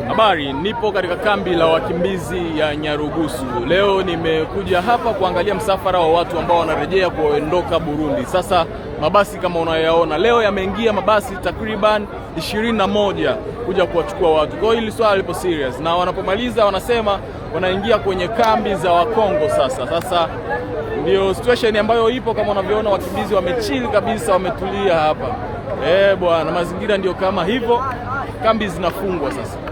Habari, nipo katika kambi la wakimbizi ya Nyarugusu. Leo nimekuja hapa kuangalia msafara wa watu ambao wanarejea kuondoka Burundi. Sasa mabasi kama unayoyaona leo yameingia mabasi takriban ishirini na moja kuja kuwachukua watu. Kwa hiyo hili swala lipo serious, na wanapomaliza wanasema wanaingia kwenye kambi za Wakongo. Sasa sasa ndio situation ambayo ipo, kama unavyoona wakimbizi wamechili kabisa, wametulia hapa. Eh bwana, mazingira ndio kama hivyo, kambi zinafungwa sasa.